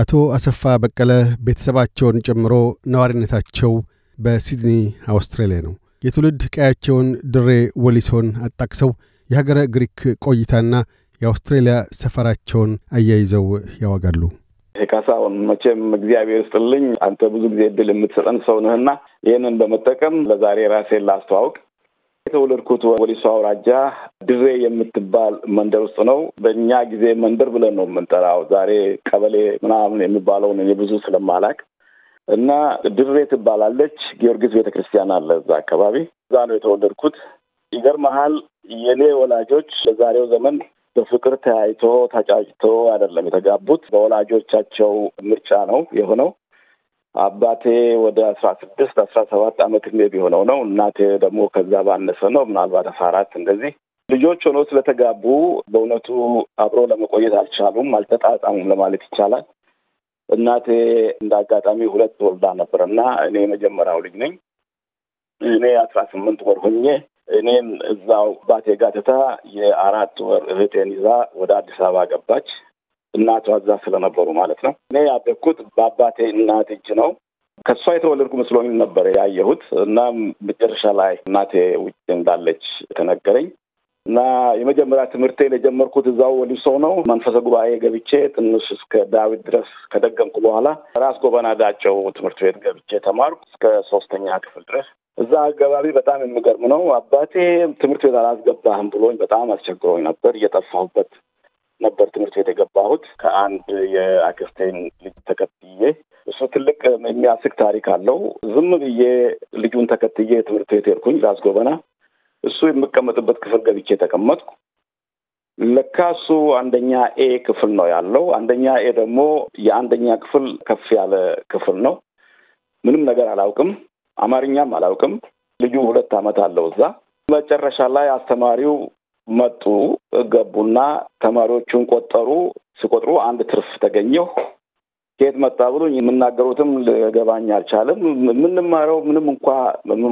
አቶ አሰፋ በቀለ ቤተሰባቸውን ጨምሮ ነዋሪነታቸው በሲድኒ አውስትራሊያ ነው። የትውልድ ቀያቸውን ድሬ ወሊሶን አጣቅሰው የሀገረ ግሪክ ቆይታና የአውስትሬሊያ ሰፈራቸውን አያይዘው ያዋጋሉ። ካሳሁን መቼም እግዚአብሔር ይስጥልኝ። አንተ ብዙ ጊዜ እድል የምትሰጠን ሰው ነህና ይህንን በመጠቀም ለዛሬ ራሴን ላስተዋውቅ። የተወለድኩት ወሊሶ አውራጃ ድሬ የምትባል መንደር ውስጥ ነው። በእኛ ጊዜ መንደር ብለን ነው የምንጠራው። ዛሬ ቀበሌ ምናምን የሚባለውን እኔ ብዙ ስለማላቅ እና ድሬ ትባላለች። ጊዮርጊስ ቤተክርስቲያን አለ እዛ አካባቢ። እዛ ነው የተወለድኩት። ይገርመሃል፣ የኔ ወላጆች ለዛሬው ዘመን በፍቅር ተያይቶ ተጫጭቶ አይደለም የተጋቡት። በወላጆቻቸው ምርጫ ነው የሆነው። አባቴ ወደ አስራ ስድስት አስራ ሰባት አመት እድሜ ቢሆነው ነው። እናቴ ደግሞ ከዛ ባነሰ ነው፣ ምናልባት አስራ አራት እንደዚህ። ልጆች ሆኖ ስለተጋቡ በእውነቱ አብሮ ለመቆየት አልቻሉም፣ አልተጣጣሙም ለማለት ይቻላል። እናቴ እንደ አጋጣሚ ሁለት ወልዳ ነበር እና እኔ የመጀመሪያው ልጅ ነኝ። እኔ አስራ ስምንት ወር ሆኜ እኔም እዛው አባቴ ጋር ትታ የአራት ወር እህቴን ይዛ ወደ አዲስ አበባ ገባች። እናቷ እዛ ስለነበሩ ማለት ነው። እኔ ያደግኩት በአባቴ እናት እጅ ነው። ከእሷ የተወለድኩ መስሎኝ ነበር ያየሁት እና መጨረሻ ላይ እናቴ ውጭ እንዳለች ተነገረኝ እና የመጀመሪያ ትምህርቴን የጀመርኩት እዛው ወሊሶ ነው። መንፈሰ ጉባኤ ገብቼ ትንሽ እስከ ዳዊት ድረስ ከደገምኩ በኋላ ራስ ጎበና ዳጨው ትምህርት ቤት ገብቼ ተማርኩ እስከ ሶስተኛ ክፍል ድረስ። እዛ አካባቢ በጣም የሚገርም ነው። አባቴ ትምህርት ቤት አላስገባህም ብሎኝ በጣም አስቸግሮኝ ነበር እየጠፋሁበት ነበር ትምህርት ቤት የገባሁት ከአንድ የአክስቴን ልጅ ተከትዬ። እሱ ትልቅ የሚያስቅ ታሪክ አለው። ዝም ብዬ ልጁን ተከትዬ ትምህርት ቤት ሄድኩኝ ጎበና። እሱ የምቀመጥበት ክፍል ገብቼ ተቀመጥኩ። ለካ እሱ አንደኛ ኤ ክፍል ነው ያለው። አንደኛ ኤ ደግሞ የአንደኛ ክፍል ከፍ ያለ ክፍል ነው። ምንም ነገር አላውቅም፣ አማርኛም አላውቅም። ልጁ ሁለት ዓመት አለው እዛ። መጨረሻ ላይ አስተማሪው መጡ፣ ገቡና ተማሪዎቹን ቆጠሩ። ሲቆጥሩ አንድ ትርፍ ተገኘሁ። ከየት መጣ ብሎ የምናገሩትም ልገባኝ አልቻለም። የምንማረው ምንም እንኳ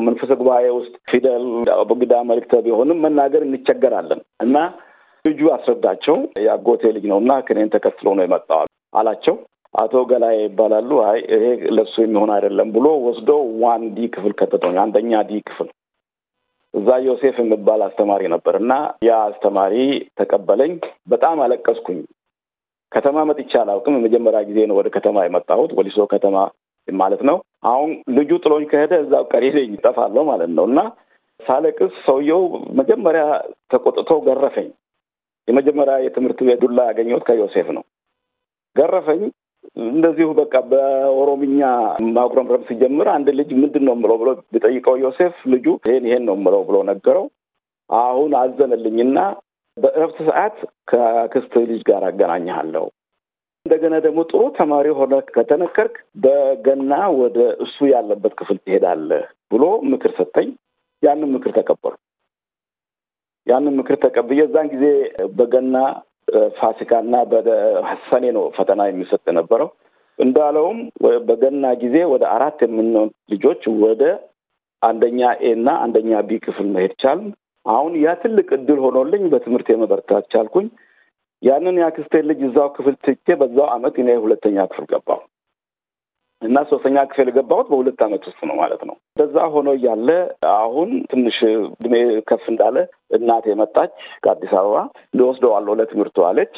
መንፈሰ ጉባኤ ውስጥ ፊደል ብግዳ መልክተ ቢሆንም መናገር እንቸገራለን እና ልጁ አስረዳቸው። የአጎቴ ልጅ ነው እና ከኔን ተከትሎ ነው የመጣው አላቸው። አቶ ገላይ ይባላሉ። አይ ይሄ ለሱ የሚሆን አይደለም ብሎ ወስዶ ዋን ዲ ክፍል ከተተኝ አንደኛ ዲ ክፍል እዛ ዮሴፍ የሚባል አስተማሪ ነበር እና ያ አስተማሪ ተቀበለኝ። በጣም አለቀስኩኝ። ከተማ መጥቼ አላውቅም። የመጀመሪያ ጊዜ ነው ወደ ከተማ የመጣሁት፣ ወሊሶ ከተማ ማለት ነው። አሁን ልጁ ጥሎኝ ከሄደ እዛው ቀሪ ይጠፋለሁ ማለት ነው እና ሳለቅስ ሰውየው መጀመሪያ ተቆጥቶ ገረፈኝ። የመጀመሪያ የትምህርት ቤት ዱላ ያገኘሁት ከዮሴፍ ነው። ገረፈኝ። እንደዚሁ በቃ በኦሮምኛ ማጉረምረም ሲጀምር አንድ ልጅ ምንድን ነው ምለው ብሎ ቢጠይቀው ዮሴፍ ልጁ ይሄን ይሄን ነው ምለው ብሎ ነገረው። አሁን አዘነልኝ አዘነልኝና በእረፍት ሰዓት ከክስት ልጅ ጋር አገናኘሃለሁ። እንደገና ደግሞ ጥሩ ተማሪ ሆነ ከተነከርክ በገና ወደ እሱ ያለበት ክፍል ትሄዳለህ ብሎ ምክር ሰጠኝ። ያንን ምክር ተቀበሉ። ያንን ምክር ተቀብዬ እዛን ጊዜ በገና ፋሲካና በሰኔ ነው ፈተና የሚሰጥ የነበረው። እንዳለውም በገና ጊዜ ወደ አራት የምንሆን ልጆች ወደ አንደኛ ኤ እና አንደኛ ቢ ክፍል መሄድ ቻል። አሁን ያ ትልቅ እድል ሆኖልኝ በትምህርት የመበርታት ቻልኩኝ። ያንን ያክስቴ ልጅ እዛው ክፍል ትቼ በዛው አመት እኔ ሁለተኛ ክፍል ገባው። እና ሶስተኛ ክፍል የገባሁት በሁለት አመት ውስጥ ነው ማለት ነው። በዛ ሆኖ እያለ አሁን ትንሽ እድሜ ከፍ እንዳለ እናቴ መጣች ከአዲስ አበባ ልወስደዋለሁ ለትምህርቱ አለች።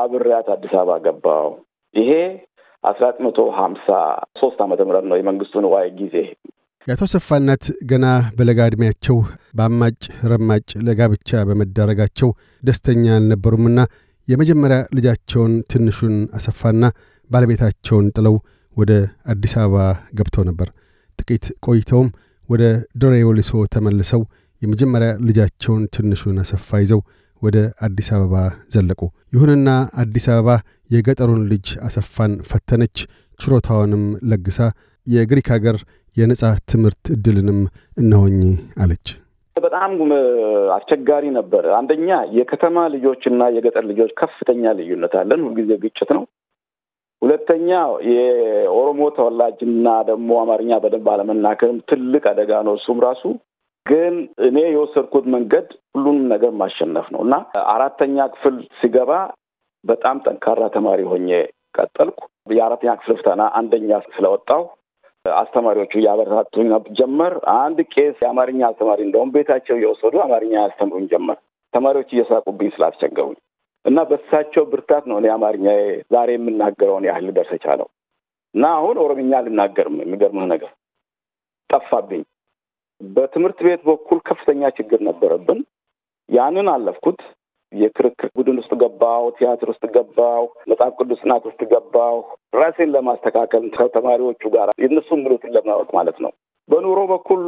አብሬያት አዲስ አበባ ገባው። ይሄ አስራ ዘጠኝ መቶ ሀምሳ ሶስት አመተ ምህረት ነው የመንግስቱ ንዋይ ጊዜ። የአቶ ሰፋናት ገና በለጋ እድሜያቸው በአማጭ ረማጭ ለጋብቻ በመዳረጋቸው ደስተኛ አልነበሩምና የመጀመሪያ ልጃቸውን ትንሹን አሰፋና ባለቤታቸውን ጥለው ወደ አዲስ አበባ ገብተው ነበር። ጥቂት ቆይተውም ወደ ዶሬ ወሊሶ ተመልሰው የመጀመሪያ ልጃቸውን ትንሹን አሰፋ ይዘው ወደ አዲስ አበባ ዘለቁ። ይሁንና አዲስ አበባ የገጠሩን ልጅ አሰፋን ፈተነች፣ ችሮታዋንም ለግሳ የግሪክ ሀገር የነጻ ትምህርት እድልንም እነሆኝ አለች። በጣም አስቸጋሪ ነበር። አንደኛ የከተማ ልጆችና የገጠር ልጆች ከፍተኛ ልዩነት አለን። ሁልጊዜ ግጭት ነው። ሁለተኛ የኦሮሞ ተወላጅና ደግሞ አማርኛ በደንብ አለመናገርም ትልቅ አደጋ ነው። እሱም ራሱ ግን እኔ የወሰድኩት መንገድ ሁሉንም ነገር ማሸነፍ ነው እና አራተኛ ክፍል ሲገባ በጣም ጠንካራ ተማሪ ሆኜ ቀጠልኩ። የአራተኛ ክፍል ፍተና አንደኛ ስለወጣሁ አስተማሪዎቹ እያበረታቱኝ ጀመር። አንድ ቄስ የአማርኛ አስተማሪ እንደውም ቤታቸው እየወሰዱ አማርኛ ያስተምሩኝ ጀመር። ተማሪዎች እየሳቁብኝ ስላስቸገሩኝ እና በሳቸው ብርታት ነው እኔ አማርኛ ዛሬ የምናገረውን ያህል ልደርስ የቻለው እና አሁን ኦሮምኛ አልናገርም። የሚገርምህ ነገር ጠፋብኝ። በትምህርት ቤት በኩል ከፍተኛ ችግር ነበረብን። ያንን አለፍኩት። የክርክር ቡድን ውስጥ ገባው፣ ቲያትር ውስጥ ገባው፣ መጽሐፍ ቅዱስ ጥናት ውስጥ ገባው። ራሴን ለማስተካከል ከተማሪዎቹ ጋር የእነሱን ምሎትን ለማወቅ ማለት ነው። በኑሮ በኩል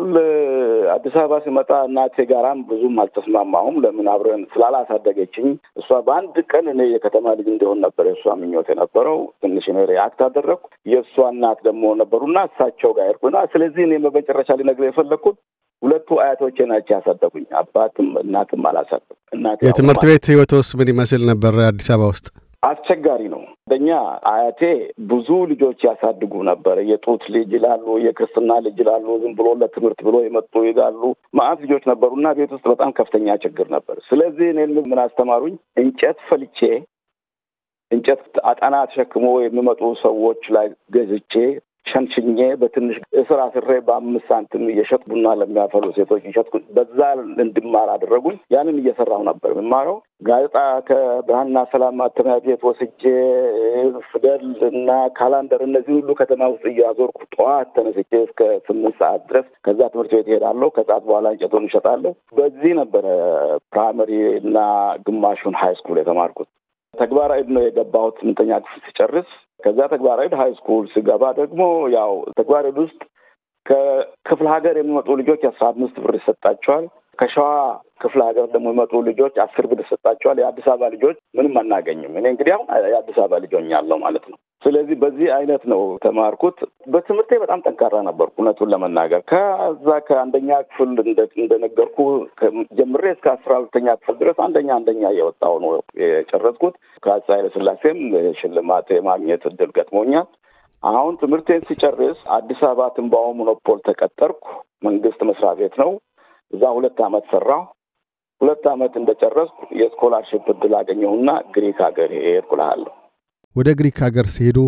አዲስ አበባ ስመጣ እናቴ ጋራም ብዙም አልተስማማሁም። ለምን አብረን ስላላሳደገችኝ እሷ በአንድ ቀን እኔ የከተማ ልጅ እንደሆን ነበር የእሷ ምኞት የነበረው። ትንሽ እኔ ሪያክት አደረግኩ። የእሷ እናት ደግሞ ነበሩና እሳቸው ጋር ሄድኩና ስለዚህ እኔ በመጨረሻ ሊነግርህ የፈለግኩት ሁለቱ አያቶቼ ናቸው ያሳደጉኝ። አባትም እናትም አላሳደጉ። እናቴ የትምህርት ቤት ህይወት ውስጥ ምን ይመስል ነበር አዲስ አበባ ውስጥ? አስቸጋሪ ነው። አንደኛ አያቴ ብዙ ልጆች ያሳድጉ ነበር። የጡት ልጅ ይላሉ፣ የክርስትና ልጅ ይላሉ፣ ዝም ብሎ ለትምህርት ብሎ የመጡ ይላሉ። ማአት ልጆች ነበሩ እና ቤት ውስጥ በጣም ከፍተኛ ችግር ነበር። ስለዚህ እኔ ምን አስተማሩኝ? እንጨት ፈልቼ እንጨት አጠና ተሸክሞ የሚመጡ ሰዎች ላይ ገዝቼ ሸንሽኜ በትንሽ እስራ ስሬ በአምስት ሳንቲም እየሸጥ ቡና ለሚያፈሉ ሴቶች እሸጥኩ። በዛ እንድማር አደረጉኝ። ያንን እየሰራሁ ነበር የምማረው። ጋዜጣ ከብርሃንና ሰላም ማተሚያ ቤት ወስጄ ፊደል እና ካላንደር እነዚህ ሁሉ ከተማ ውስጥ እያዞርኩ ጠዋት ተነስቼ እስከ ስምንት ሰዓት ድረስ ከዛ ትምህርት ቤት እሄዳለሁ። ከሰዓት በኋላ እንጨቱን እሸጣለሁ። በዚህ ነበረ ፕራይመሪ እና ግማሹን ሀይ ስኩል የተማርኩት። ተግባራዊ ነው የገባሁት ስምንተኛ ክፍል ሲጨርስ ከዛ ተግባራዊድ ሀይ ስኩል ስገባ ደግሞ ያው ተግባራዊድ ውስጥ ከክፍለ ሀገር የሚመጡ ልጆች አስራ አምስት ብር ይሰጣቸዋል። ከሸዋ ክፍለ ሀገር ደግሞ የመጡ ልጆች አስር ብር ሰጣቸዋል። የአዲስ አበባ ልጆች ምንም አናገኝም። እኔ እንግዲህ አሁን የአዲስ አበባ ልጅ ሆኛለሁ ማለት ነው። ስለዚህ በዚህ አይነት ነው ተማርኩት። በትምህርቴ በጣም ጠንካራ ነበርኩ እውነቱን ለመናገር ከዛ ከአንደኛ ክፍል እንደነገርኩ ጀምሬ እስከ አስራ ሁለተኛ ክፍል ድረስ አንደኛ አንደኛ እየወጣሁ ነው የጨረስኩት። ከአፄ ኃይለ ሽልማት የማግኘት እድል ገጥሞኛል። አሁን ትምህርቴን ሲጨርስ አዲስ አበባ ትንባሆ ሞኖፖል ተቀጠርኩ። መንግስት መስሪያ ቤት ነው እዛ ሁለት ዓመት ሰራሁ። ሁለት ዓመት እንደጨረስኩ የስኮላርሽፕ እድል አገኘሁና ግሪክ ሀገር ሄድኩ ወደ ግሪክ ሀገር ሲሄዱ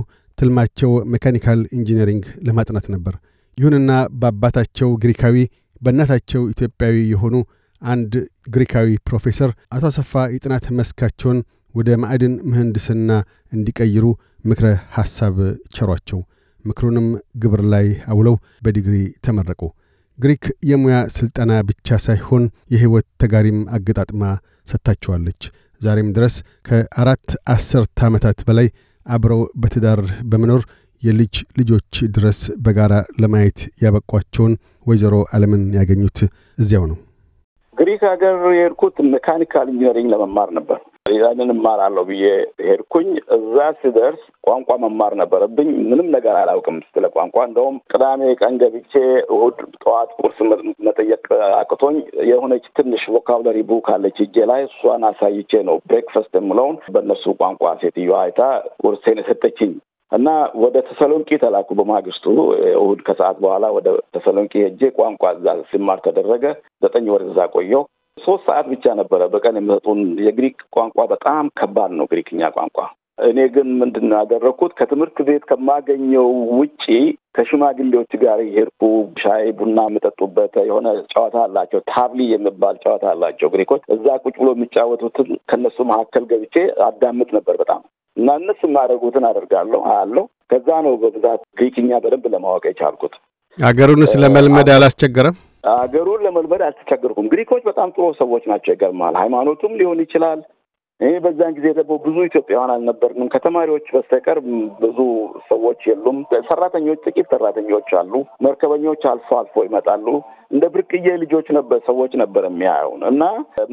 ትልማቸው ሜካኒካል ኢንጂነሪንግ ለማጥናት ነበር። ይሁንና በአባታቸው ግሪካዊ በእናታቸው ኢትዮጵያዊ የሆኑ አንድ ግሪካዊ ፕሮፌሰር አቶ አሰፋ የጥናት መስካቸውን ወደ ማዕድን ምህንድስና እንዲቀይሩ ምክረ ሐሳብ ቸሯቸው። ምክሩንም ግብር ላይ አውለው በዲግሪ ተመረቁ። ግሪክ የሙያ ሥልጠና ብቻ ሳይሆን የሕይወት ተጋሪም አገጣጥማ ሰጥታችኋለች። ዛሬም ድረስ ከአራት አስርት ዓመታት በላይ አብረው በትዳር በመኖር የልጅ ልጆች ድረስ በጋራ ለማየት ያበቋቸውን ወይዘሮ ዓለምን ያገኙት እዚያው ነው። ግሪክ ሀገር የሄድኩት ሜካኒካል ኢንጂነሪንግ ለመማር ነበር። ዲዛይንን እማራለሁ ብዬ ሄድኩኝ። እዛ ስደርስ ቋንቋ መማር ነበረብኝ። ምንም ነገር አላውቅም ስለ ቋንቋ። እንደውም ቅዳሜ ቀን ገብቼ እሁድ ጠዋት ቁርስ መጠየቅ አቅቶኝ የሆነች ትንሽ ቮካብለሪ ቡክ አለች እጄ ላይ፣ እሷን አሳይቼ ነው ብሬክፈስት የምለውን በእነሱ ቋንቋ ሴትዮዋ አይታ ቁርሴን የሰጠችኝ እና ወደ ተሰሎንቂ ተላኩ። በማግስቱ እሁድ ከሰዓት በኋላ ወደ ተሰሎንቂ ሄጄ ቋንቋ እዛ ሲማር ተደረገ። ዘጠኝ ወር እዛ ቆየሁ። ሶስት ሰዓት ብቻ ነበረ በቀን የሚሰጡን። የግሪክ ቋንቋ በጣም ከባድ ነው ግሪክኛ ቋንቋ። እኔ ግን ምንድን ነው ያደረግኩት ከትምህርት ቤት ከማገኘው ውጪ ከሽማግሌዎች ጋር የሄድኩ ሻይ ቡና የምጠጡበት የሆነ ጨዋታ አላቸው። ታብሊ የሚባል ጨዋታ አላቸው ግሪኮች። እዛ ቁጭ ብሎ የሚጫወቱትን ከነሱ መካከል ገብቼ አዳምጥ ነበር በጣም እና እነሱ የማደርጉትን አደርጋለሁ አለው። ከዛ ነው በብዛት ግሪክኛ በደንብ ለማወቅ የቻልኩት። አገሩንስ ለመልመድ አላስቸገረም? አገሩን ለመልመድ አልተቸገርኩም። ግሪኮች በጣም ጥሩ ሰዎች ናቸው። ይገርማል። ሃይማኖቱም ሊሆን ይችላል። ይህ በዛን ጊዜ ደግሞ ብዙ ኢትዮጵያውያን አልነበርንም። ከተማሪዎች በስተቀር ብዙ ሰዎች የሉም። ሰራተኞች፣ ጥቂት ሰራተኞች አሉ። መርከበኞች አልፎ አልፎ ይመጣሉ። እንደ ብርቅዬ ልጆች ነበር ሰዎች ነበር የሚያየውን እና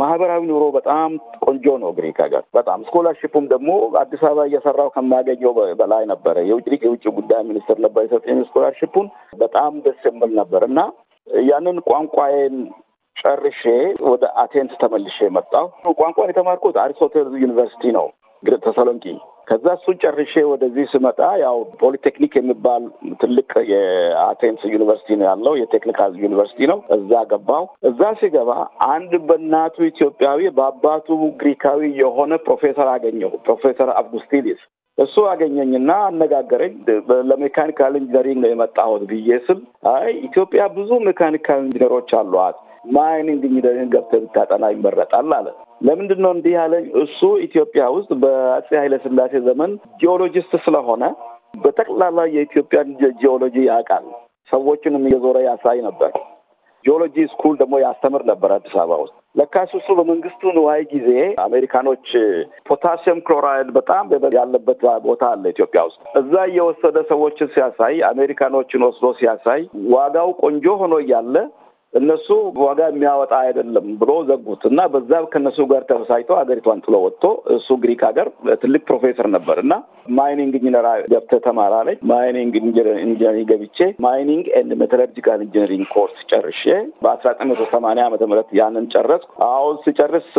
ማህበራዊ ኑሮ በጣም ቆንጆ ነው ግሪክ ሀገር በጣም ስኮላርሽፑም ደግሞ አዲስ አበባ እየሰራው ከማገኘው በላይ ነበረ። የውጭ ጉዳይ ሚኒስትር ነበር የሰጠኝ ስኮላርሽፑን። በጣም ደስ የምል ነበር እና ያንን ቋንቋዬን ጨርሼ ወደ አቴንስ ተመልሼ መጣሁ። ቋንቋን የተማርኩት አሪስቶቴል ዩኒቨርሲቲ ነው ተሰሎንቂ። ከዛ እሱን ጨርሼ ወደዚህ ስመጣ ያው ፖሊቴክኒክ የሚባል ትልቅ የአቴንስ ዩኒቨርሲቲ ነው ያለው፣ የቴክኒካል ዩኒቨርሲቲ ነው። እዛ ገባሁ። እዛ ሲገባ አንድ በእናቱ ኢትዮጵያዊ በአባቱ ግሪካዊ የሆነ ፕሮፌሰር አገኘሁ። ፕሮፌሰር አውጉስቲኒስ እሱ አገኘኝና አነጋገረኝ። ለሜካኒካል ኢንጂነሪንግ ነው የመጣሁት ብዬ ስል አይ ኢትዮጵያ ብዙ ሜካኒካል ኢንጂነሮች አሏት፣ ማይኒንግ ኢንጂነሪንግ ገብተህ ብታጠና ይመረጣል አለ። ለምንድን ነው እንዲህ ያለኝ? እሱ ኢትዮጵያ ውስጥ በአጼ ኃይለስላሴ ዘመን ጂኦሎጂስት ስለሆነ በጠቅላላ የኢትዮጵያን ጂኦሎጂ ያውቃል። ሰዎችንም እየዞረ ያሳይ ነበር። ጂኦሎጂ ስኩል ደግሞ ያስተምር ነበር አዲስ አበባ ውስጥ ለካስ እሱ በመንግስቱ ንዋይ ጊዜ አሜሪካኖች ፖታሲየም ክሎራይድ በጣም ያለበት ቦታ አለ ኢትዮጵያ ውስጥ። እዛ እየወሰደ ሰዎችን ሲያሳይ አሜሪካኖችን ወስዶ ሲያሳይ ዋጋው ቆንጆ ሆኖ እያለ እነሱ ዋጋ የሚያወጣ አይደለም ብሎ ዘጉት እና በዛ ከነሱ ጋር ተበሳጭቶ ሀገሪቷን ጥሎ ወጥቶ እሱ ግሪክ ሀገር ትልቅ ፕሮፌሰር ነበር እና ማይኒንግ ኢንጂነር ገብተህ ተማር አለኝ። ማይኒንግ ኢንጂነሪንግ ገብቼ ማይኒንግ ኤንድ ሜታለርጂካል ኢንጂነሪንግ ኮርስ ጨርሼ በአስራ ዘጠኝ መቶ ሰማንያ ዓመተ ምህረት ያንን ጨረስኩ። አሁን ስጨርስ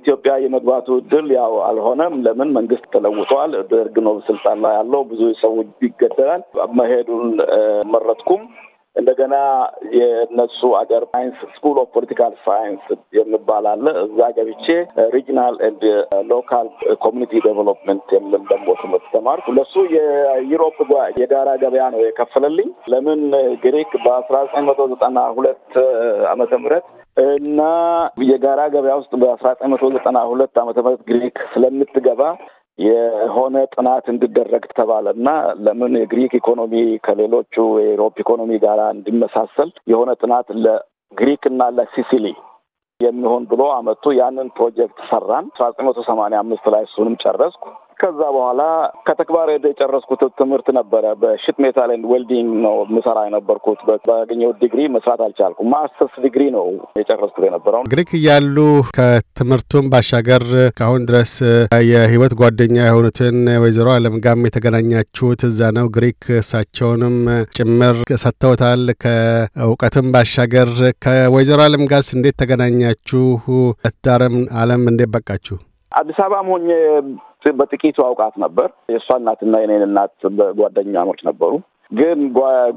ኢትዮጵያ የመግባቱ እድል ያው አልሆነም። ለምን መንግስት ተለውጠዋል። ደርግ ነው ስልጣን ላይ ያለው። ብዙ ሰው ይገደላል። መሄዱን መረጥኩም። እንደገና የእነሱ አገር ሳይንስ ስኩል ኦፍ ፖለቲካል ሳይንስ የሚባል አለ። እዛ ገብቼ ሪጅናል ኤንድ ሎካል ኮሚኒቲ ዴቨሎፕመንት የሚል ደግሞ ትምህርት ተማርኩ። ለሱ የዩሮፕ የጋራ ገበያ ነው የከፈለልኝ። ለምን ግሪክ በአስራ ዘጠኝ መቶ ዘጠና ሁለት አመተ ምህረት እና የጋራ ገበያ ውስጥ በአስራ ዘጠኝ መቶ ዘጠና ሁለት አመተ ምህረት ግሪክ ስለምትገባ የሆነ ጥናት እንዲደረግ ተባለ እና ለምን የግሪክ ኢኮኖሚ ከሌሎቹ የዩሮፕ ኢኮኖሚ ጋር እንዲመሳሰል የሆነ ጥናት ለግሪክ እና ለሲሲሊ የሚሆን ብሎ አመቱ ያንን ፕሮጀክት ሰራን አስራ ዘጠኝ መቶ ሰማንያ አምስት ላይ እሱንም ጨረስኩ። ከዛ በኋላ ከተግባር የጨረስኩት ትምህርት ነበረ። በሽት ሜታል ኤንድ ዌልዲንግ ነው ምሰራ የነበርኩት። ባገኘሁት ዲግሪ መስራት አልቻልኩ። ማስተርስ ዲግሪ ነው የጨረስኩት የነበረው። ግሪክ እያሉ ከትምህርቱም ባሻገር ከአሁን ድረስ የህይወት ጓደኛ የሆኑትን ወይዘሮ አለም ጋም የተገናኛችሁት እዛ ነው። ግሪክ እሳቸውንም ጭምር ሰጥተውታል። ከእውቀትም ባሻገር ከወይዘሮ አለም ጋስ እንዴት ተገናኛችሁ? ለትዳርም አለም እንዴት በቃችሁ? አዲስ አበባም ሆኜ ግን በጥቂቱ አውቃት ነበር። የእሷ እናትና የኔን እናት ጓደኛሞች ነበሩ። ግን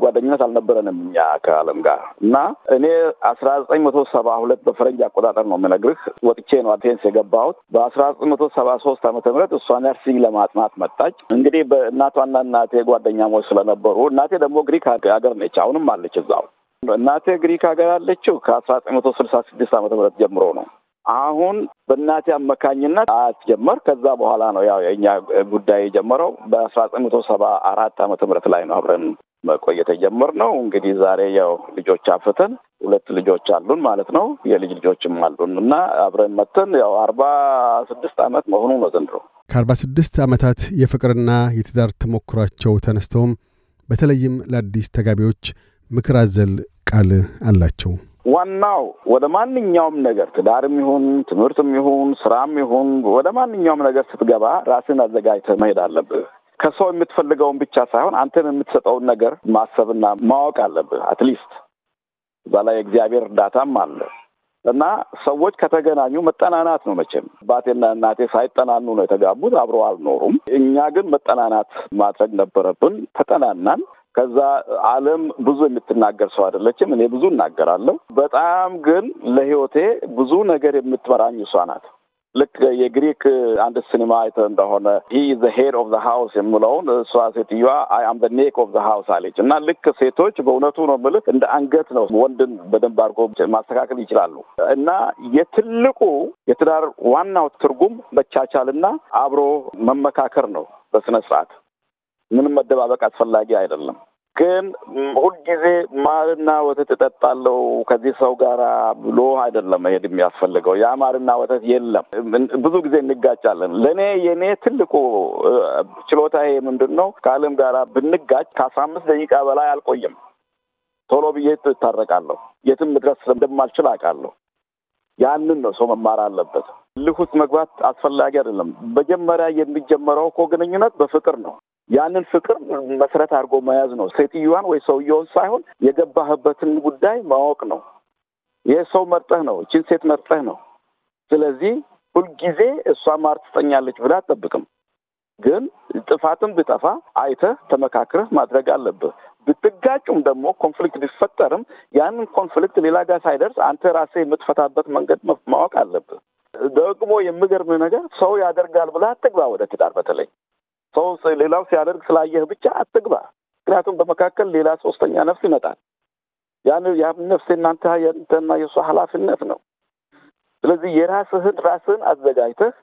ጓደኝነት አልነበረንም እኛ ከአለም ጋር እና እኔ አስራ ዘጠኝ መቶ ሰባ ሁለት በፈረንጅ አቆጣጠር ነው የምነግርህ ወጥቼ ነው አቴንስ የገባሁት። በአስራ ዘጠኝ መቶ ሰባ ሶስት ዓመተ ምህረት እሷ ነርሲንግ ለማጥናት መጣች። እንግዲህ በእናቷና እናቴ ጓደኛሞች ስለነበሩ እናቴ ደግሞ ግሪክ ሀገር ነች፣ አሁንም አለች እዛው። እናቴ ግሪክ ሀገር አለችው ከአስራ ዘጠኝ መቶ ስልሳ ስድስት ዓመተ ምህረት ጀምሮ ነው አሁን በእናቴ አመካኝነት አያት ጀመር። ከዛ በኋላ ነው ያው የእኛ ጉዳይ የጀመረው በአስራ ዘጠኝ መቶ ሰባ አራት ዓመተ ምህረት ላይ ነው አብረን መቆየት የጀመርነው። እንግዲህ ዛሬ ያው ልጆች አፍተን ሁለት ልጆች አሉን ማለት ነው። የልጅ ልጆችም አሉን እና አብረን መተን ያው አርባ ስድስት ዓመት መሆኑ ነው ዘንድሮ። ከአርባ ስድስት ዓመታት የፍቅርና የትዳር ተሞክሯቸው ተነስተውም በተለይም ለአዲስ ተጋቢዎች ምክር አዘል ቃል አላቸው። ዋናው ወደ ማንኛውም ነገር ትዳርም ይሁን ትምህርትም ይሁን ስራም ይሁን ወደ ማንኛውም ነገር ስትገባ ራስን አዘጋጅተህ መሄድ አለብህ። ከሰው የምትፈልገውን ብቻ ሳይሆን አንተም የምትሰጠውን ነገር ማሰብና ማወቅ አለብህ። አትሊስት እዛ ላይ የእግዚአብሔር እርዳታም አለ እና ሰዎች ከተገናኙ መጠናናት ነው። መቼም አባቴና እናቴ ሳይጠናኑ ነው የተጋቡት፣ አብረው አልኖሩም። እኛ ግን መጠናናት ማድረግ ነበረብን። ተጠናናን። ከዛ ዓለም ብዙ የምትናገር ሰው አይደለችም። እኔ ብዙ እናገራለሁ። በጣም ግን ለህይወቴ ብዙ ነገር የምትመራኝ እሷ ናት። ልክ የግሪክ አንድ ሲኒማ አይተ እንደሆነ ሂ ዘ ሄድ ኦፍ ዘ ሀውስ የምለውን እሷ ሴትዮዋ አይ አም ዘ ኔክ ኦፍ ዘ ሀውስ አለች። እና ልክ ሴቶች በእውነቱ ነው ምልክ እንደ አንገት ነው ወንድን በደንብ አድርጎ ማስተካከል ይችላሉ። እና የትልቁ የትዳር ዋናው ትርጉም መቻቻልና አብሮ መመካከር ነው በስነ ስርዓት ምንም መደባበቅ አስፈላጊ አይደለም። ግን ሁልጊዜ ማርና ወተት እጠጣለው ከዚህ ሰው ጋር ብሎ አይደለም መሄድ የሚያስፈልገው። ያ ማርና ወተት የለም። ብዙ ጊዜ እንጋጫለን። ለእኔ የእኔ ትልቁ ችሎታዬ ምንድን ነው? ከአለም ጋር ብንጋጭ ከአስራ አምስት ደቂቃ በላይ አልቆይም። ቶሎ ብዬ እታረቃለሁ። የትም መድረስ እንደማልችል አውቃለሁ። ያንን ነው ሰው መማር አለበት። ልሁት መግባት አስፈላጊ አይደለም። መጀመሪያ የሚጀመረው እኮ ግንኙነት በፍቅር ነው። ያንን ፍቅር መሰረት አድርጎ መያዝ ነው። ሴትዮዋን ወይ ሰውየውን ሳይሆን የገባህበትን ጉዳይ ማወቅ ነው። ይህ ሰው መርጠህ ነው፣ እችን ሴት መርጠህ ነው። ስለዚህ ሁልጊዜ እሷ ማር ትጠኛለች ብለህ አትጠብቅም። ግን ጥፋትም ብጠፋ አይተህ ተመካክረህ ማድረግ አለብህ። ብትጋጩም ደግሞ ኮንፍሊክት ቢፈጠርም ያንን ኮንፍሊክት ሌላ ጋር ሳይደርስ አንተ ራስህ የምትፈታበት መንገድ ማወቅ አለብህ። ደግሞ የምገርምህ ነገር ሰው ያደርጋል ብለህ አትግባ ወደ ትዳር በተለይ ሰው ሌላው ሲያደርግ ስላየህ ብቻ አትግባ። ምክንያቱም በመካከል ሌላ ሶስተኛ ነፍስ ይመጣል። ያን ያም ነፍስ እናንተ የእንተና የእሱ ኃላፊነት ነው። ስለዚህ የራስህን ራስህን አዘጋጅተህ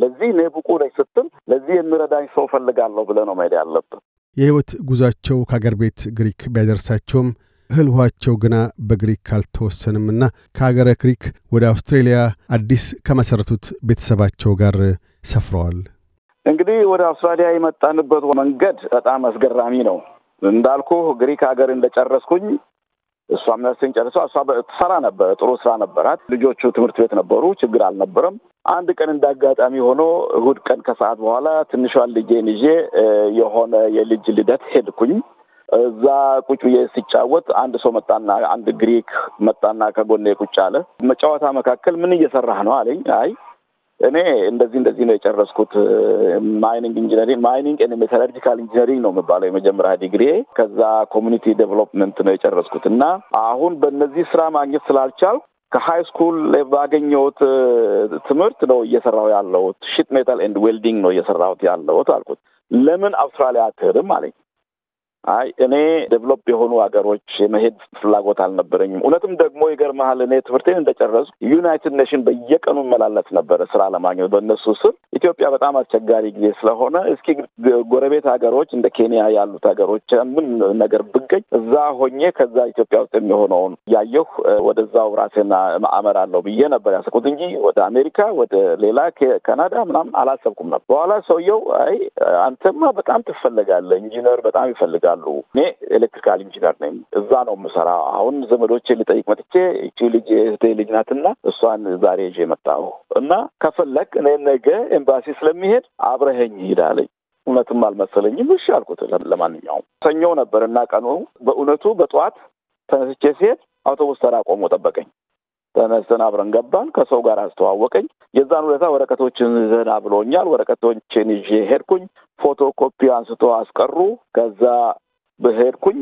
ለዚህ እኔ ብቁ ነኝ ስትል ለዚህ የሚረዳኝ ሰው ፈልጋለሁ ብለህ ነው መሄድ ያለብህ። የህይወት ጉዟቸው ከአገር ቤት ግሪክ ቢያደርሳቸውም እህል ውሃቸው ግና በግሪክ አልተወሰንምና ከአገረ ግሪክ ወደ አውስትሬልያ አዲስ ከመሠረቱት ቤተሰባቸው ጋር ሰፍረዋል። እንግዲህ ወደ አውስትራሊያ የመጣንበት መንገድ በጣም አስገራሚ ነው። እንዳልኩ ግሪክ ሀገር እንደጨረስኩኝ እሷም ነርሲንግ ጨርሳ እሷ ትሰራ ነበረ። ጥሩ ስራ ነበራት። ልጆቹ ትምህርት ቤት ነበሩ። ችግር አልነበረም። አንድ ቀን እንዳጋጣሚ ሆኖ እሁድ ቀን ከሰዓት በኋላ ትንሿን ልጄን ይዤ የሆነ የልጅ ልደት ሄድኩኝ። እዛ ቁጭ ብዬ ሲጫወት አንድ ሰው መጣና አንድ ግሪክ መጣና ከጎኔ ቁጭ አለ። መጫወታ መካከል ምን እየሰራህ ነው አለኝ። አይ እኔ እንደዚህ እንደዚህ ነው የጨረስኩት ማይኒንግ ኢንጂነሪንግ ማይኒንግ ሜታለርጂካል ኢንጂነሪንግ ነው የምባለው የመጀመሪያ ዲግሪ። ከዛ ኮሚኒቲ ዴቨሎፕመንት ነው የጨረስኩት እና አሁን በእነዚህ ስራ ማግኘት ስላልቻል ከሀይ ስኩል ባገኘሁት ትምህርት ነው እየሰራሁ ያለሁት። ሽት ሜታል ኤንድ ዌልዲንግ ነው እየሰራሁት ያለሁት አልኩት። ለምን አውስትራሊያ አትሄድም አለኝ። አይ እኔ ዴቨሎፕ የሆኑ ሀገሮች የመሄድ ፍላጎት አልነበረኝም። እውነትም ደግሞ ይገርመሃል፣ እኔ ትምህርቴን እንደጨረስኩ ዩናይትድ ኔሽን በየቀኑ መላለስ ነበረ ስራ ለማግኘት በእነሱ ስር። ኢትዮጵያ በጣም አስቸጋሪ ጊዜ ስለሆነ እስኪ ጎረቤት ሀገሮች እንደ ኬንያ ያሉት ሀገሮች ምን ነገር ብገኝ እዛ ሆኜ ከዛ ኢትዮጵያ ውስጥ የሚሆነውን ያየሁ ወደዛው ማዕመር አለው ብዬ ነበር ያሰብኩት እንጂ ወደ አሜሪካ ወደ ሌላ ካናዳ ምናምን አላሰብኩም ነበር። በኋላ ሰውየው አይ አንተማ በጣም ትፈለጋለህ፣ ኢንጂነር በጣም ይፈልጋል ይችላሉ። እኔ ኤሌክትሪካል ኢንጂነር ነኝ። እዛ ነው የምሰራ። አሁን ዘመዶቼ ልጠይቅ መጥቼ እቺ ልጅ እህቴ ልጅ ናትና እሷን ዛሬ ይዤ መጣሁ እና ከፈለግ እኔ ነገ ኤምባሲ ስለሚሄድ አብረኸኝ ሂዳለኝ። እውነትም አልመሰለኝም። እሺ አልኩት። ለማንኛውም ሰኞ ነበር እና ቀኑ በእውነቱ በጠዋት ተነስቼ ሲሄድ አውቶቡስ ተራ ቆሞ ጠበቀኝ። ተነስተን አብረን ገባን። ከሰው ጋር አስተዋወቀኝ። የዛን ሁኔታ ወረቀቶችን ዘና ብሎኛል። ወረቀቶችን ይዤ ሄድኩኝ። ፎቶ ኮፒ አንስቶ አስቀሩ። ከዛ በሄድኩኝ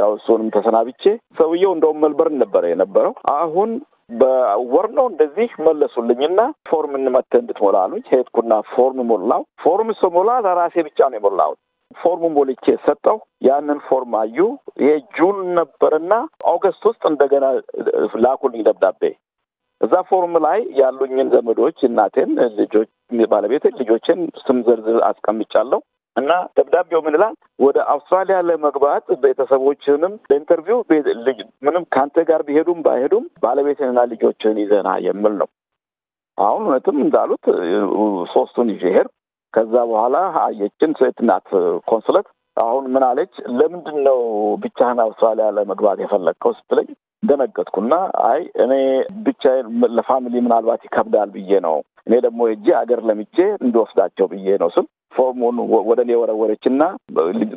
ያው እሱንም ተሰናብቼ ሰውየው እንደውም መልበርን ነበረ የነበረው አሁን በወር ነው እንደዚህ መለሱልኝና ፎርም እንመተ እንድትሞላ አሉኝ። ሄድኩና ፎርም ሞላው። ፎርም ስሞላ ለራሴ ብቻ ነው የሞላሁት። ፎርሙን ሞልቼ ሰጠው። ያንን ፎርም አዩ። ይሄ ጁን ነበርና ኦገስት ውስጥ እንደገና ላኩልኝ ደብዳቤ። እዛ ፎርም ላይ ያሉኝን ዘመዶች፣ እናቴን፣ ልጆች፣ ባለቤቴን፣ ልጆችን ስም ዝርዝር አስቀምጫለሁ። እና ደብዳቤው ምን ይላል? ወደ አውስትራሊያ ለመግባት ቤተሰቦችንም ለኢንተርቪው ምንም ከአንተ ጋር ቢሄዱም ባይሄዱም ባለቤትንና ልጆችን ይዘና የሚል ነው። አሁን እውነትም እንዳሉት ሶስቱን ይዤ ከዛ በኋላ አየችን ሴት ናት ኮንስለት አሁን ምን አለች፣ ለምንድን ነው ብቻህን አውስትራሊያ ለመግባት የፈለግከው ስትለኝ ደነገጥኩና አይ እኔ ብቻዬን ለፋሚሊ ምናልባት ይከብዳል ብዬ ነው እኔ ደግሞ እጅ አገር ለምቼ እንድወስዳቸው ብዬ ነው ስል ፎርሙን ወደ እኔ ወረወረችና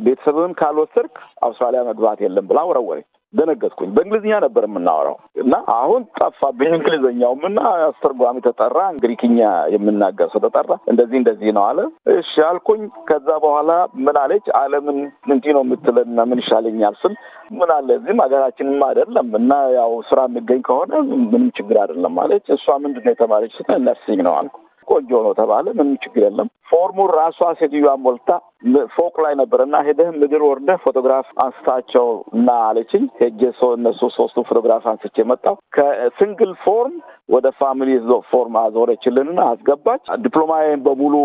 ቤተሰብን ካልወሰድክ አውስትራሊያ መግባት የለም ብላ ወረወረች። ደነገጥኩኝ። በእንግሊዝኛ ነበር የምናወራው እና አሁን ጠፋብኝ እንግሊዝኛውም እና አስተርጓሚ ተጠራ። እንግሊክኛ የምናገር ሰው ተጠራ። እንደዚህ እንደዚህ ነው አለ። እሺ አልኩኝ። ከዛ በኋላ ምን አለች? አለምን እንዲህ ነው የምትለና ምን ይሻለኛል ስል ምን አለ እዚህም ሀገራችንም አይደለም እና ያው ስራ የሚገኝ ከሆነ ምንም ችግር አይደለም አለች። እሷ ምንድን ነው የተማረች ስለ ነርሲንግ ነው አልኩ። ቆንጆ ነው ተባለ። ምንም ችግር የለም ፎርሙ ራሷ ሴትዮዋን ሞልታ ፎቅ ላይ ነበር እና ሄደህ ምድር ወርደህ ፎቶግራፍ አንስታቸው እና አለችኝ። ሄጄ ሰው እነሱ ሶስቱ ፎቶግራፍ አንስቼ መጣሁ። ከሲንግል ፎርም ወደ ፋሚሊ ፎርም አዞረችልንና አስገባች። ዲፕሎማዬን በሙሉ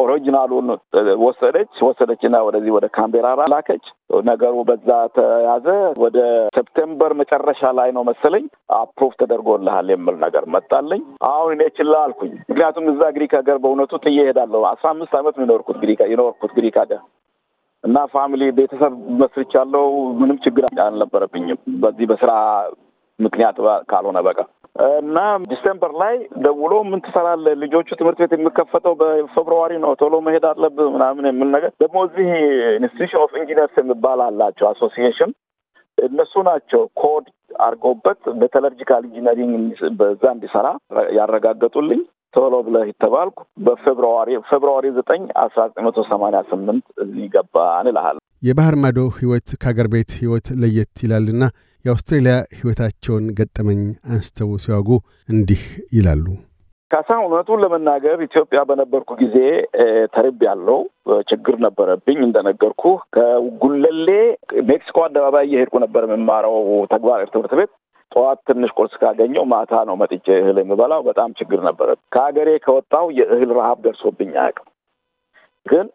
ኦሪጂናሉን ወሰደች ወሰደችና ወደዚህ ወደ ካምቤራራ ላከች። ነገሩ በዛ ተያዘ። ወደ ሴፕቴምበር መጨረሻ ላይ ነው መሰለኝ አፕሩቭ ተደርጎልሃል የምል ነገር መጣለኝ። አሁን እኔ ችላ አልኩኝ። ምክንያቱም እዛ ግሪክ ሀገር በእውነቱ ጥዬ እሄዳለሁ። አስራ አምስት ዓመት ነው የኖርኩት ግሪክ የኖርኩት ግሪክ ሀገር እና ፋሚሊ ቤተሰብ መስርቻለሁ። ምንም ችግር አልነበረብኝም በዚህ በስራ ምክንያት ካልሆነ በቃ እና ዲሴምበር ላይ ደውሎ ምን ትሰራለህ? ልጆቹ ትምህርት ቤት የሚከፈተው በፌብርዋሪ ነው፣ ቶሎ መሄድ አለብህ ምናምን የምል ነገር ደግሞ እዚህ ኢንስቲቱሽን ኦፍ ኢንጂነርስ የሚባል አላቸው አሶሲዬሽን እነሱ ናቸው ኮድ አድርገውበት በሜታለርጂካል ኢንጂነሪንግ በዛ እንዲሰራ ያረጋገጡልኝ። ቶሎ ብለህ ይተባልኩ በፌብርዋሪ ፌብርዋሪ ዘጠኝ አስራ ዘጠኝ መቶ ሰማኒያ ስምንት እዚህ ገባን እልሃለሁ። የባህር ማዶ ህይወት ከአገር ቤት ህይወት ለየት ይላልና የአውስትሬልያ ህይወታቸውን ገጠመኝ አንስተው ሲያወጉ እንዲህ ይላሉ። ካሳ እውነቱን ለመናገር ኢትዮጵያ በነበርኩ ጊዜ ተርብ ያለው ችግር ነበረብኝ። እንደነገርኩ ከጉለሌ ሜክሲኮ አደባባይ እየሄድኩ ነበር የምማረው ተግባር ትምህርት ቤት። ጠዋት ትንሽ ቁርስ ካገኘው ማታ ነው መጥቼ እህል የምበላው። በጣም ችግር ነበረ። ከሀገሬ ከወጣው የእህል ረሃብ ደርሶብኝ አያውቅም። ግን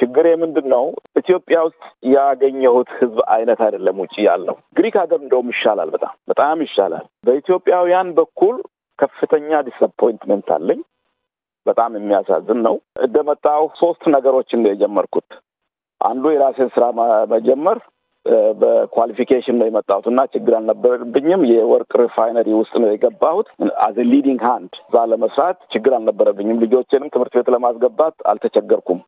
ችግር የምንድን ነው? ኢትዮጵያ ውስጥ ያገኘሁት ህዝብ አይነት አይደለም። ውጭ ያለው ግሪክ ሀገር እንደውም ይሻላል፣ በጣም በጣም ይሻላል። በኢትዮጵያውያን በኩል ከፍተኛ ዲስአፖይንትመንት አለኝ። በጣም የሚያሳዝን ነው። እንደመጣሁ ሶስት ነገሮችን እንደጀመርኩት አንዱ የራሴን ስራ መጀመር፣ በኳሊፊኬሽን ነው የመጣሁት እና ችግር አልነበረብኝም። የወርቅ ሪፋይነሪ ውስጥ ነው የገባሁት አዘ ሊዲንግ ሃንድ እዛ ለመስራት ችግር አልነበረብኝም። ልጆችንም ትምህርት ቤት ለማስገባት አልተቸገርኩም።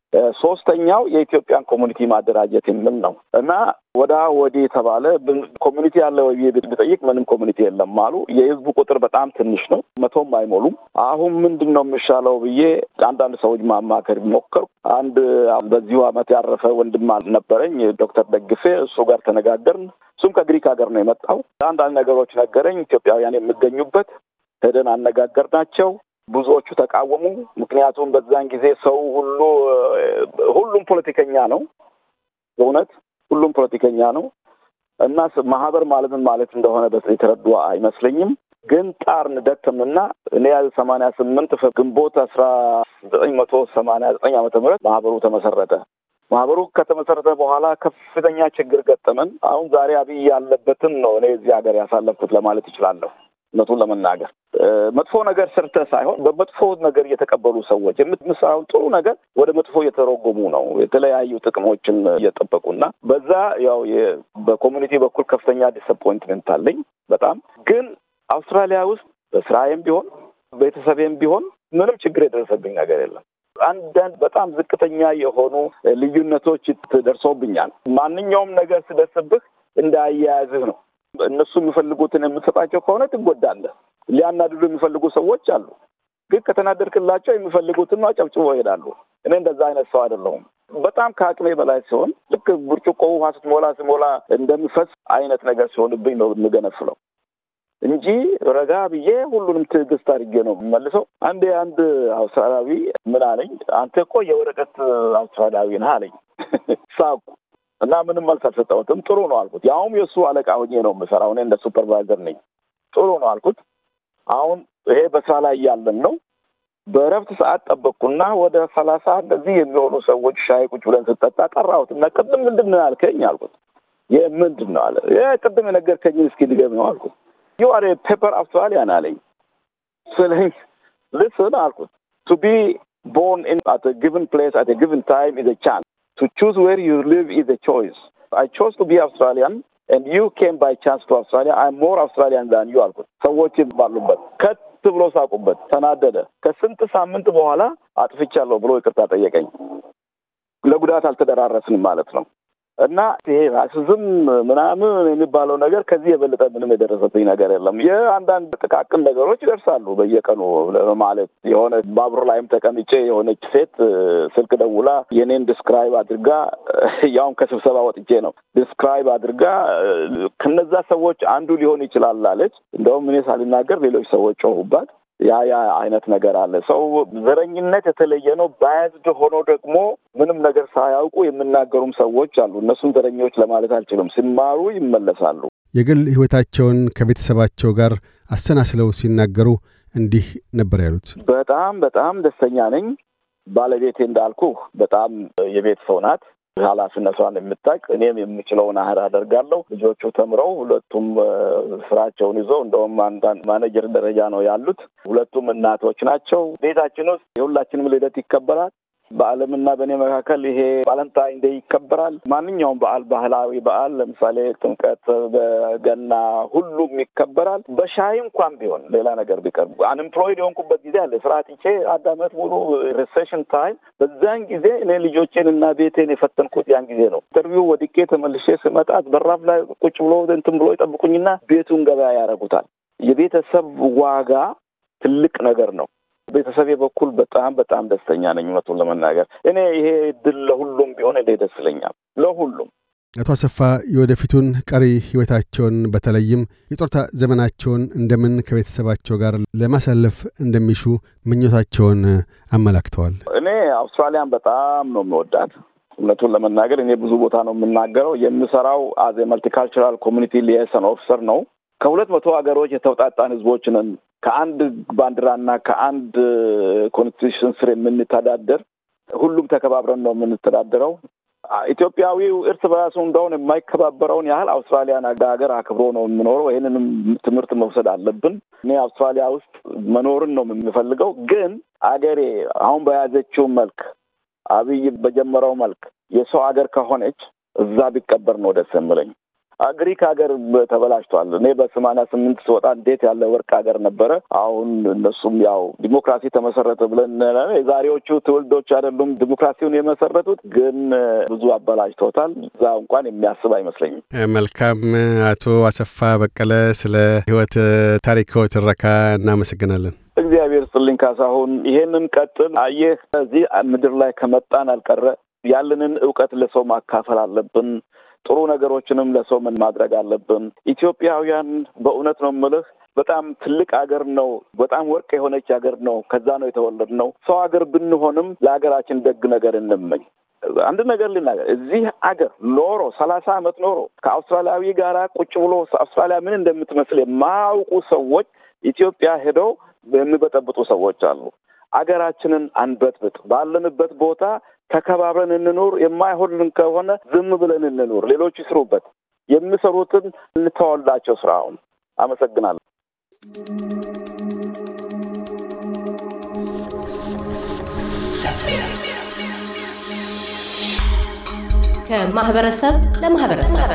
ሶስተኛው የኢትዮጵያን ኮሚኒቲ ማደራጀት የሚል ነው እና ወዳ ወዲህ የተባለ ኮሚኒቲ ያለ ወይ ብጠይቅ ምንም ኮሚኒቲ የለም አሉ። የህዝቡ ቁጥር በጣም ትንሽ ነው፣ መቶም አይሞሉም። አሁን ምንድን ነው የሚሻለው ብዬ አንዳንድ ሰዎች ማማከር ሞከርኩ። አንድ በዚሁ አመት ያረፈ ወንድም ነበረኝ ዶክተር ደግፌ፣ እሱ ጋር ተነጋገርን። እሱም ከግሪክ ሀገር ነው የመጣው። አንዳንድ ነገሮች ነገረኝ። ኢትዮጵያውያን የሚገኙበት ሄደን አነጋገርናቸው። ብዙዎቹ ተቃወሙ። ምክንያቱም በዛን ጊዜ ሰው ሁሉ ሁሉም ፖለቲከኛ ነው በእውነት ሁሉም ፖለቲከኛ ነው እና ማህበር ማለትን ማለት እንደሆነ የተረዱ አይመስለኝም። ግን ጣርን ደከምና እኔ ያ ሰማንያ ስምንት ግንቦት አስራ ዘጠኝ መቶ ሰማንያ ዘጠኝ ዓመተ ምህረት ማህበሩ ተመሰረተ። ማህበሩ ከተመሰረተ በኋላ ከፍተኛ ችግር ገጠመን። አሁን ዛሬ አብይ ያለበትን ነው እኔ እዚህ ሀገር ያሳለፍኩት ለማለት ይችላለሁ። እውነቱን ለመናገር መጥፎ ነገር ስርተ ሳይሆን በመጥፎ ነገር የተቀበሉ ሰዎች የምትምሳውን ጥሩ ነገር ወደ መጥፎ እየተረጎሙ ነው። የተለያዩ ጥቅሞችን እየጠበቁና በዛ ያው በኮሚኒቲ በኩል ከፍተኛ ዲስአፖይንትመንት አለኝ በጣም ግን አውስትራሊያ ውስጥ በስራዬም ቢሆን ቤተሰቤም ቢሆን ምንም ችግር የደረሰብኝ ነገር የለም። አንዳንድ በጣም ዝቅተኛ የሆኑ ልዩነቶች ደርሶብኛል። ማንኛውም ነገር ስደርስብህ እንዳያያዝህ ነው እነሱ የሚፈልጉትን የምትሰጣቸው ከሆነ ትጎዳለህ። ሊያናድዱ የሚፈልጉ ሰዎች አሉ። ግን ከተናደድክላቸው የሚፈልጉትን አጨብጭቦ ይሄዳሉ። እኔ እንደዛ አይነት ሰው አይደለሁም። በጣም ከአቅሜ በላይ ሲሆን ልክ ብርጭቆ ውሃ ስትሞላ ስትሞላ እንደሚፈስ አይነት ነገር ሲሆንብኝ ነው የምገነፍለው እንጂ ረጋ ብዬ ሁሉንም ትዕግስት አድርጌ ነው የምመልሰው። አንዴ አንድ አውስትራሊያዊ ምን አለኝ፣ አንተ እኮ የወረቀት አውስትራሊያዊ ነህ አለኝ። ሳቁ። እና ምንም መልስ አልሰጠሁትም። ጥሩ ነው አልኩት። ያውም የእሱ አለቃ ሆኜ ነው የምሰራው እኔ እንደ ሱፐርቫይዘር ነኝ። ጥሩ ነው አልኩት። አሁን ይሄ በስራ ላይ ያለን ነው። በእረፍት ሰዓት ጠበቅኩና ወደ ሰላሳ እንደዚህ የሚሆኑ ሰዎች ሻይ ቁጭ ብለን ስጠጣ ጠራሁት እና ቅድም ምንድን ነው ያልከኝ አልኩት። ምንድን ነው አለ። ቅድም የነገርከኝን እስኪ ንገረኝ ነው አልኩት። ዩ አር ፔፐር አውስትራሊያን አለኝ። ስለኝ ልስን አልኩት ቱ ቢ ቦርን ኢን አት ጊቨን ፕሌስ አት ጊቨን ታይም ኢዝ ቻንስ To choose where you live is a choice. I chose to be Australian and you came by chance to Australia. I'm more Australian than you አልኩት። ሰዎች ባሉበት ከት ብሎ ሳቁበት። ተናደደ። ከስንት ሳምንት በኋላ አጥፍቻለሁ ብሎ ይቅርታ ጠየቀኝ። ለጉዳት አልተደራረስንም ማለት ነው። እና ይሄ ራሲዝም ምናምን የሚባለው ነገር ከዚህ የበለጠ ምንም የደረሰብኝ ነገር የለም። የአንዳንድ ጥቃቅን ነገሮች ይደርሳሉ በየቀኑ ማለት የሆነ ባቡር ላይም ተቀምጬ የሆነች ሴት ስልክ ደውላ የኔን ዲስክራይብ አድርጋ ያውም ከስብሰባ ወጥቼ ነው ዲስክራይብ አድርጋ ከነዛ ሰዎች አንዱ ሊሆን ይችላል አለች። እንደውም እኔ ሳልናገር ሌሎች ሰዎች ጮሁባት። ያ ያ አይነት ነገር አለ። ሰው ዘረኝነት የተለየ ነው። ባያዝድ ሆኖ ደግሞ ምንም ነገር ሳያውቁ የሚናገሩም ሰዎች አሉ። እነሱም ዘረኞች ለማለት አልችልም። ሲማሩ ይመለሳሉ። የግል ሕይወታቸውን ከቤተሰባቸው ጋር አሰናስለው ሲናገሩ እንዲህ ነበር ያሉት። በጣም በጣም ደስተኛ ነኝ። ባለቤቴ እንዳልኩ በጣም የቤት ሰው ናት። ኃላፊነቷን የምታውቅ እኔም የምችለውን ያህል አደርጋለሁ። ልጆቹ ተምረው ሁለቱም ስራቸውን ይዘው እንደውም አንዳንድ ማኔጀር ደረጃ ነው ያሉት። ሁለቱም እናቶች ናቸው። ቤታችን ውስጥ የሁላችንም ልደት ይከበራል። በዓለምና በእኔ መካከል ይሄ ቫለንታይን እንደ ይከበራል። ማንኛውም በዓል ባህላዊ በዓል ለምሳሌ ጥምቀት፣ በገና ሁሉም ይከበራል። በሻይ እንኳን ቢሆን ሌላ ነገር ቢቀር አንምፕሎይድ የሆንኩበት ጊዜ አለ። ስራ አጥቼ አንድ አመት ሙሉ ሪሴሽን ታይም፣ በዛን ጊዜ እኔ ልጆቼን እና ቤቴን የፈተንኩት ያን ጊዜ ነው። ኢንተርቪው ወድቄ ተመልሼ ስመጣት በራፍ ላይ ቁጭ ብሎ እንትን ብሎ ይጠብቁኝና ቤቱን ገበያ ያደርጉታል። የቤተሰብ ዋጋ ትልቅ ነገር ነው። ቤተሰቤ በኩል በጣም በጣም ደስተኛ ነኝ። እውነቱን ለመናገር እኔ ይሄ እድል ለሁሉም ቢሆን እኔ ደስ ይለኛል። ለሁሉም አቶ አሰፋ የወደፊቱን ቀሪ ህይወታቸውን በተለይም የጦርታ ዘመናቸውን እንደምን ከቤተሰባቸው ጋር ለማሳለፍ እንደሚሹ ምኞታቸውን አመላክተዋል። እኔ አውስትራሊያን በጣም ነው የምወዳት። እውነቱን ለመናገር እኔ ብዙ ቦታ ነው የምናገረው። የምሰራው አዜ መልቲካልቸራል ኮሚኒቲ ሊየሰን ኦፊሰር ነው ከሁለት መቶ ሀገሮች የተውጣጣን ህዝቦች ነን። ከአንድ ባንዲራና ከአንድ ኮንስቲቱሽን ስር የምንተዳደር ሁሉም ተከባብረን ነው የምንተዳደረው። ኢትዮጵያዊው እርስ በራሱ እንደውን የማይከባበረውን ያህል አውስትራሊያን ሀገር አክብሮ ነው የምኖረው። ይህንንም ትምህርት መውሰድ አለብን። እኔ አውስትራሊያ ውስጥ መኖርን ነው የምፈልገው፣ ግን አገሬ አሁን በያዘችው መልክ አብይ በጀመረው መልክ የሰው አገር ከሆነች እዛ ቢቀበር ነው ደስ የምለኝ። ግሪክ ሀገር ተበላሽቷል። እኔ በሰማንያ ስምንት ስወጣ እንዴት ያለ ወርቅ ሀገር ነበረ። አሁን እነሱም ያው ዲሞክራሲ ተመሰረተ ብለን የዛሬዎቹ ትውልዶች አይደሉም ዲሞክራሲውን የመሰረቱት፣ ግን ብዙ አበላሽቶታል። እዛ እንኳን የሚያስብ አይመስለኝም። መልካም አቶ አሰፋ በቀለ ስለ ህይወት ታሪክዎ ትረካ እናመሰግናለን። እግዚአብሔር ስጥልኝ ካሳሁን። ይሄንን ቀጥል። አየህ እዚህ ምድር ላይ ከመጣን አልቀረ ያለንን እውቀት ለሰው ማካፈል አለብን። ጥሩ ነገሮችንም ለሰው ምን ማድረግ አለብን። ኢትዮጵያውያን በእውነት ነው የምልህ በጣም ትልቅ አገር ነው። በጣም ወርቅ የሆነች ሀገር ነው። ከዛ ነው ነው። ሰው አገር ብንሆንም ለሀገራችን ደግ ነገር እንመኝ። አንድ ነገር ልናገር። እዚህ አገር ኖሮ ሰላሳ አመት ኖሮ ከአውስትራሊያዊ ጋራ ቁጭ ብሎ አውስትራሊያ ምን እንደምትመስል የማያውቁ ሰዎች ኢትዮጵያ ሄደው የሚበጠብጡ ሰዎች አሉ። አገራችንን አንበጥብጥ። ባለንበት ቦታ ተከባብረን እንኖር። የማይሆንን ከሆነ ዝም ብለን እንኖር። ሌሎች ይስሩበት። የሚሰሩትን እንተወላቸው ስራውን። አመሰግናለሁ። ከማህበረሰብ ለማህበረሰብ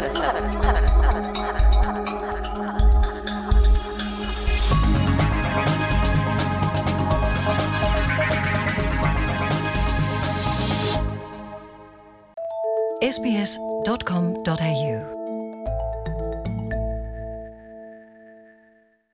sbs.com.au